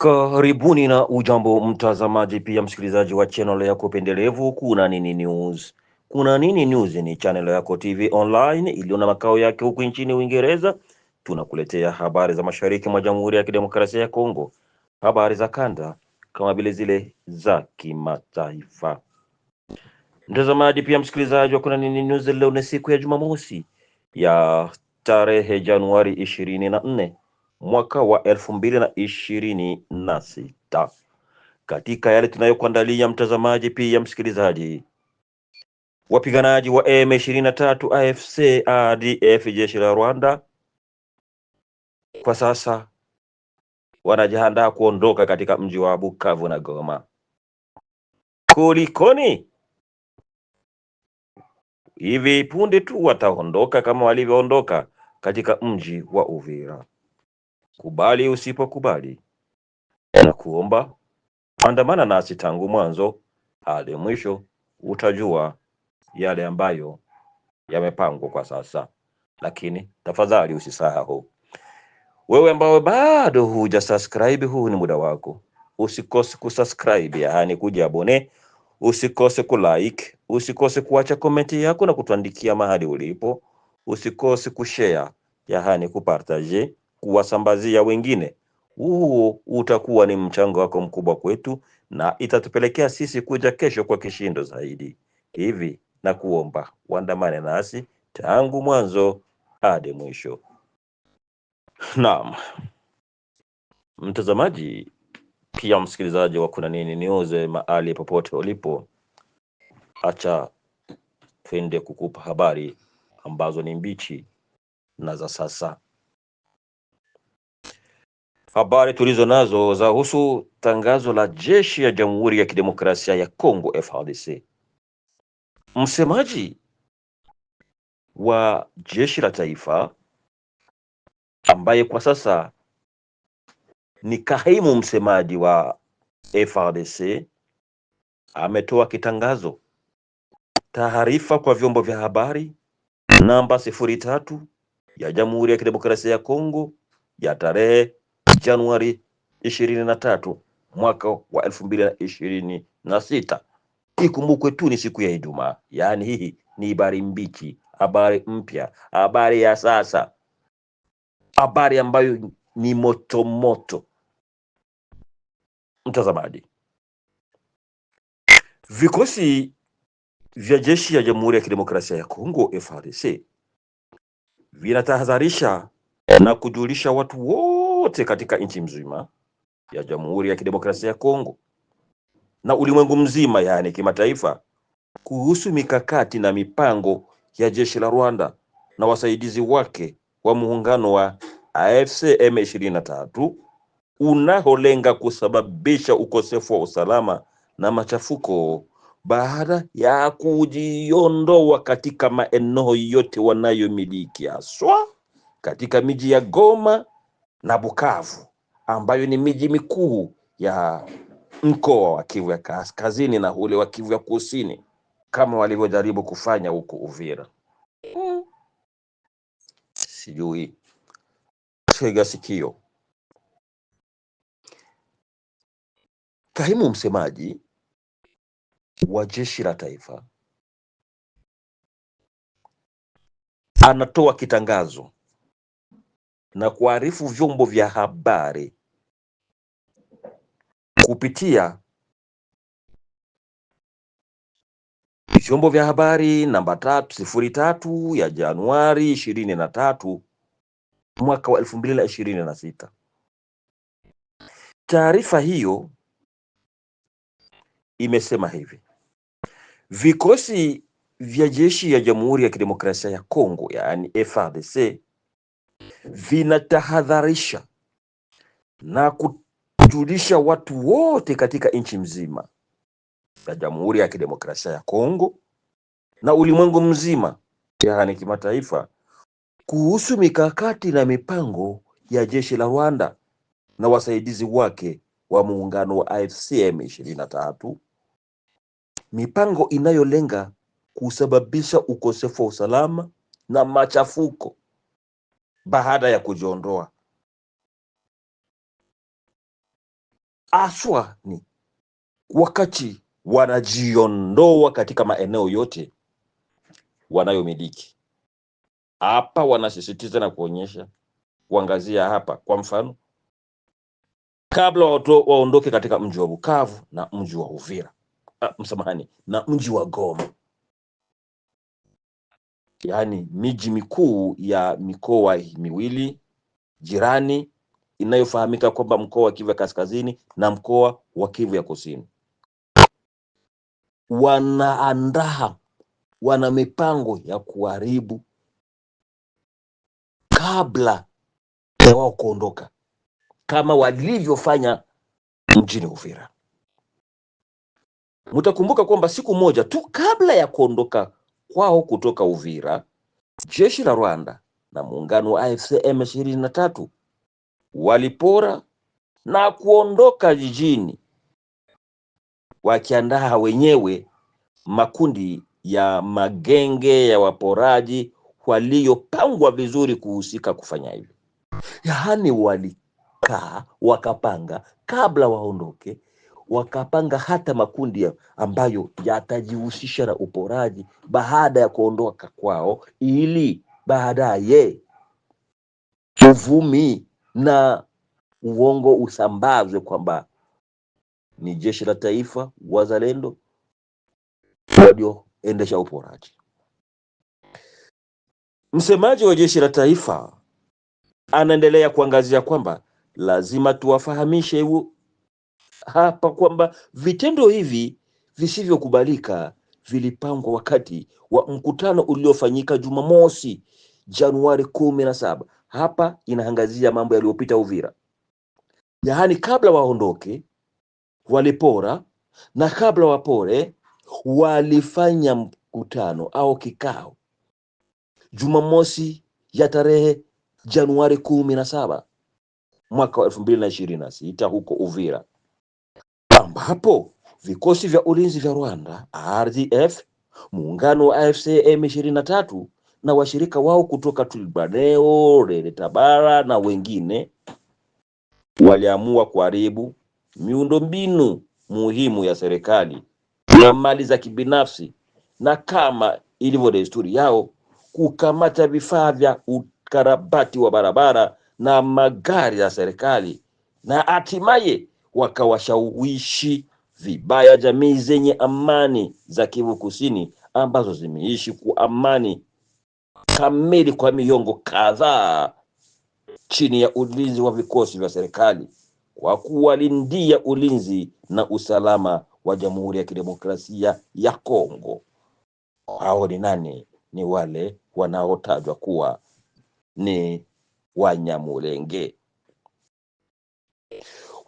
Karibuni na ujambo mtazamaji, pia msikilizaji wa channel yako pendelevu Kuna Nini News. Kuna Nini News ni channel yako TV online iliyo na makao yake huku nchini Uingereza. Tunakuletea habari za mashariki mwa Jamhuri ya Kidemokrasia ya Kongo, habari za kanda kama vile zile za kimataifa. Mtazamaji pia msikilizaji wa Kuna Nini News, leo ni siku ya Jumamosi ya tarehe Januari ishirini na nne mwaka wa elfu mbili na ishirini na sita. Katika yale tunayokuandalia mtazamaji, pia msikilizaji, wapiganaji wa m tatu AFC RDF jeshi la Rwanda kwa sasa wanajiandaa kuondoka katika mji wa Bukavu na Goma. Kulikoni? Hivi punde tu wataondoka kama walivyoondoka katika mji wa Uvira kubali usipokubali, kuomba andamana nasi tangu mwanzo hadi mwisho, utajua yale ambayo yamepangwa kwa sasa. Lakini tafadhali usisahau wewe ambao bado huja subscribe, huu ni muda wako, usikose kusubscribe, yaani kuja abone, usikose kulike, usikose kuacha komenti yako na kutuandikia mahali ulipo, usikose kushare, yaani kupartaje kuwasambazia wengine, huo utakuwa ni mchango wako mkubwa kwetu na itatupelekea sisi kuja kesho kwa kishindo zaidi. Hivi na kuomba uandamane nasi tangu mwanzo hadi mwisho. Naam mtazamaji, pia msikilizaji wa Kuna Nini News, mahali popote ulipo, acha twende kukupa habari ambazo ni mbichi na za sasa. Habari tulizo nazo zahusu tangazo la jeshi ya Jamhuri ya Kidemokrasia ya Kongo FARDC. Msemaji wa jeshi la taifa ambaye kwa sasa ni kaimu msemaji wa FARDC ametoa kitangazo, taarifa kwa vyombo vya habari namba sifuri tatu ya Jamhuri ya Kidemokrasia ya Kongo ya tarehe Januari 23 mwaka wa elfu ishirini na Ikumbukwe tu ni siku ya Ijumaa, yaani hii ni habari mbichi, habari mpya, habari ya sasa, habari ambayo ni moto moto. Mtazamaji, vikosi vya jeshi ya Jamhuri ya Kidemokrasia ya Kongo FARDC vinatahadharisha na kujulisha watu wote wote katika nchi mzima ya Jamhuri ya Kidemokrasia ya Kongo na ulimwengu mzima, yaani kimataifa, kuhusu mikakati na mipango ya jeshi la Rwanda na wasaidizi wake wa muungano wa AFC M23 unaolenga kusababisha ukosefu wa usalama na machafuko baada ya kujiondoa katika maeneo yote wanayomiliki haswa katika miji ya Goma na Bukavu ambayo ni miji mikuu ya mkoa wa Kivu ya kaskazini na ule wa Kivu ya kusini kama walivyojaribu kufanya huko Uvira. Sijui, tega sikio. Kaimu msemaji wa jeshi la taifa anatoa kitangazo na kuarifu vyombo vya habari kupitia vyombo vya habari namba tatu sifuri tatu ya Januari ishirini na tatu mwaka wa elfu mbili na ishirini na sita. Taarifa hiyo imesema hivi: vikosi vya jeshi ya Jamhuri ya Kidemokrasia ya Kongo, yaani FARDC vinatahadharisha na kujulisha watu wote katika nchi mzima ya Jamhuri ya Kidemokrasia ya Kongo na ulimwengu mzima, yaani kimataifa, kuhusu mikakati na mipango ya jeshi la Rwanda na wasaidizi wake wa muungano wa AFC M23, mipango inayolenga kusababisha ukosefu wa usalama na machafuko baada ya kujiondoa. Aswa ni wakati wanajiondoa katika maeneo yote wanayomiliki. Hapa wanasisitiza na kuonyesha kuangazia hapa, kwa mfano, kabla waondoke katika mji wa Bukavu na mji wa Uvira, ah, msamahani, na mji wa Goma yaani miji mikuu ya mikoa miwili jirani inayofahamika kwamba mkoa wa Kivu ya Kaskazini na mkoa wa Kivu ya Kusini. Wanaandaa, wana mipango ya kuharibu kabla ya wao kuondoka, kama walivyofanya mjini Uvira. Mtakumbuka kwamba siku moja tu kabla ya kuondoka kwao kutoka Uvira, jeshi la Rwanda na muungano wa AFC M23 walipora na kuondoka jijini wakiandaa wenyewe makundi ya magenge ya waporaji waliopangwa vizuri kuhusika kufanya hivyo. Yaani walikaa wakapanga kabla waondoke wakapanga hata makundi ambayo yatajihusisha na uporaji baada ya kuondoka kwao, ili baadaye uvumi na uongo usambazwe kwamba ni jeshi la taifa wazalendo walioendesha uporaji. Msemaji wa jeshi la taifa anaendelea kuangazia kwamba lazima tuwafahamishe hapa kwamba vitendo hivi visivyokubalika vilipangwa wakati wa mkutano uliofanyika Jumamosi Januari kumi na saba. Hapa inaangazia mambo yaliyopita Uvira, yaani kabla waondoke walipora, na kabla wapore walifanya mkutano au kikao Jumamosi ya tarehe Januari kumi na saba mwaka wa elfu mbili na ishirini na sita huko Uvira ambapo vikosi vya ulinzi vya Rwanda RDF, muungano wa AFC M23 na washirika wao kutoka Twirwaneho, Tabara na wengine waliamua kuharibu miundombinu muhimu ya serikali na mali za kibinafsi, na kama ilivyo desturi yao kukamata vifaa vya ukarabati wa barabara na magari ya serikali na hatimaye wakawashawishi vibaya jamii zenye amani za Kivu Kusini ambazo zimeishi kwa amani kamili kwa miongo kadhaa chini ya ulinzi wa vikosi vya serikali kwa kuwalindia ulinzi na usalama wa Jamhuri ya Kidemokrasia ya Kongo. Hao ni nani? Ni wale wanaotajwa kuwa ni Wanyamulenge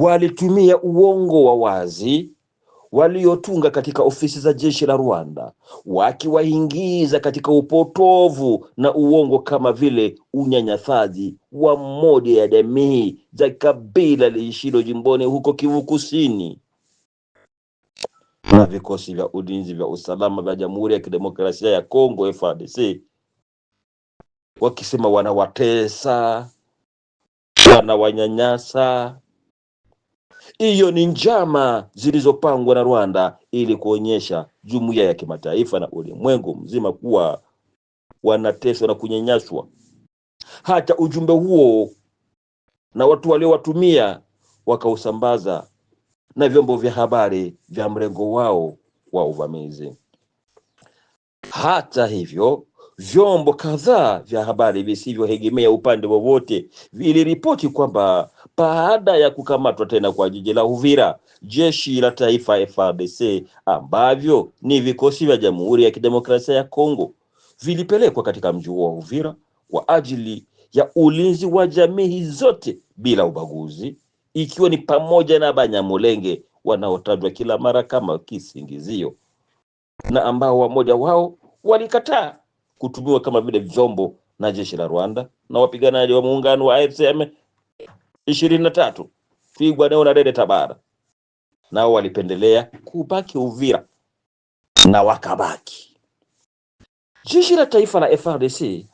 walitumia uongo wa wazi waliotunga katika ofisi za jeshi la Rwanda, wakiwaingiza katika upotovu na uongo kama vile unyanyasaji wa moja ya jamii za kabila liishilo jimboni huko Kivu Kusini na vikosi vya ulinzi vya usalama vya Jamhuri ya Kidemokrasia ya Kongo FARDC, wakisema wanawatesa, wanawanyanyasa hiyo ni njama zilizopangwa na Rwanda ili kuonyesha jumuiya ya kimataifa na ulimwengu mzima kuwa wanateswa na kunyanyaswa. Hata ujumbe huo na watu waliowatumia wakausambaza na vyombo vya habari vya mrengo wao wa uvamizi. Hata hivyo, vyombo kadhaa vya habari visivyoegemea upande wowote viliripoti kwamba baada ya kukamatwa tena kwa jiji la Uvira, jeshi la taifa FARDC ambavyo ni vikosi vya Jamhuri ya Kidemokrasia ya Kongo vilipelekwa katika mji huo wa Uvira kwa ajili ya ulinzi wa jamii zote bila ubaguzi, ikiwa ni pamoja na Banyamulenge wanaotajwa kila mara kama kisingizio na ambao wamoja wao walikataa kutumiwa kama vile vyombo na jeshi la Rwanda na wapiganaji wa muungano wa AFC M23 figwa Neo na Rede Tabara, nao walipendelea kubaki Uvira na wakabaki. Jeshi la taifa la FRDC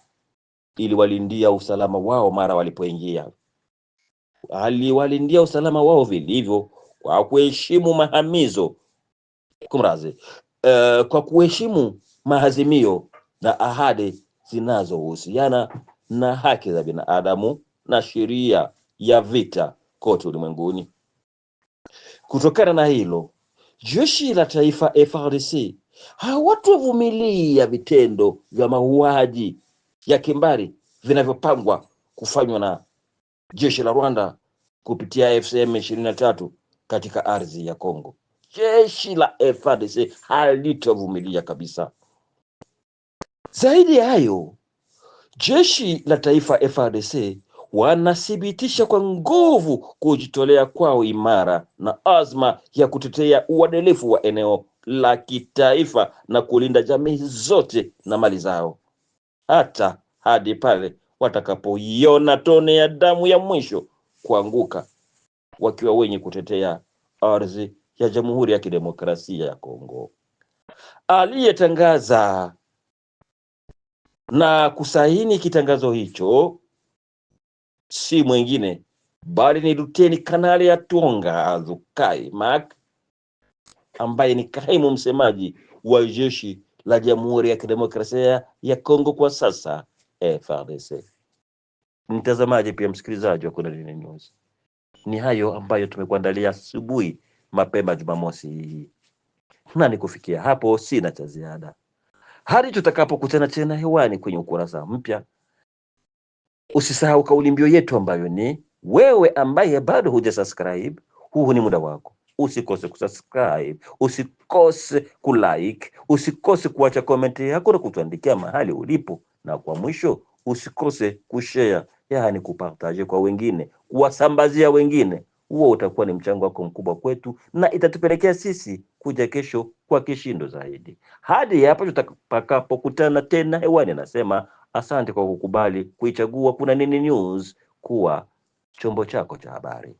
iliwalindia usalama wao mara walipoingia, aliwalindia usalama wao vilivyo kwa kuheshimu mahamizo kumrazi, uh, eh, kwa kuheshimu mahazimio na ahadi zinazohusiana na haki za binadamu na sheria ya vita kote ulimwenguni. Kutokana na hilo, jeshi la taifa FRDC hawatovumilia vitendo vya mauaji ya kimbari vinavyopangwa kufanywa na jeshi la Rwanda kupitia FCM 23 katika ardhi ya Kongo. Jeshi la FRDC halitovumilia kabisa. Zaidi ya hayo, jeshi la taifa FARDC wanathibitisha kwa nguvu kujitolea kwao imara na azma ya kutetea uadilifu wa eneo la kitaifa na kulinda jamii zote na mali zao hata hadi pale watakapoiona tone ya damu ya mwisho kuanguka, wakiwa wenye kutetea ardhi ya Jamhuri ya Kidemokrasia ya Kongo. Aliyetangaza na kusaini kitangazo hicho si mwingine bali ni Luteni Kanali Yatonga Azukai Mak ambaye ni kaimu msemaji wa jeshi la Jamhuri ya Kidemokrasia ya Kongo kwa sasa frdc Mtazamaji pia msikilizaji wa Kuna Nini News, ni hayo ambayo tumekuandalia asubuhi mapema Jumamosi hii, na nikufikia hapo sina cha ziada hadi tutakapokutana tena hewani kwenye ukurasa mpya. Usisahau kauli mbiu yetu ambayo ni wewe ambaye bado hujasubscribe, huu ni muda wako. Usikose kusubscribe, usikose kulike, usikose kuacha komenti yako na kutuandikia mahali ulipo, na kwa mwisho usikose kushare, yaani kupartaje kwa wengine, kuwasambazia wengine. Huo utakuwa ni mchango wako mkubwa kwetu na itatupelekea sisi kuja kesho kwa kishindo zaidi. Hadi hapo tutakapokutana tena hewani, anasema asante kwa kukubali kuichagua Kuna Nini News kuwa chombo chako cha habari.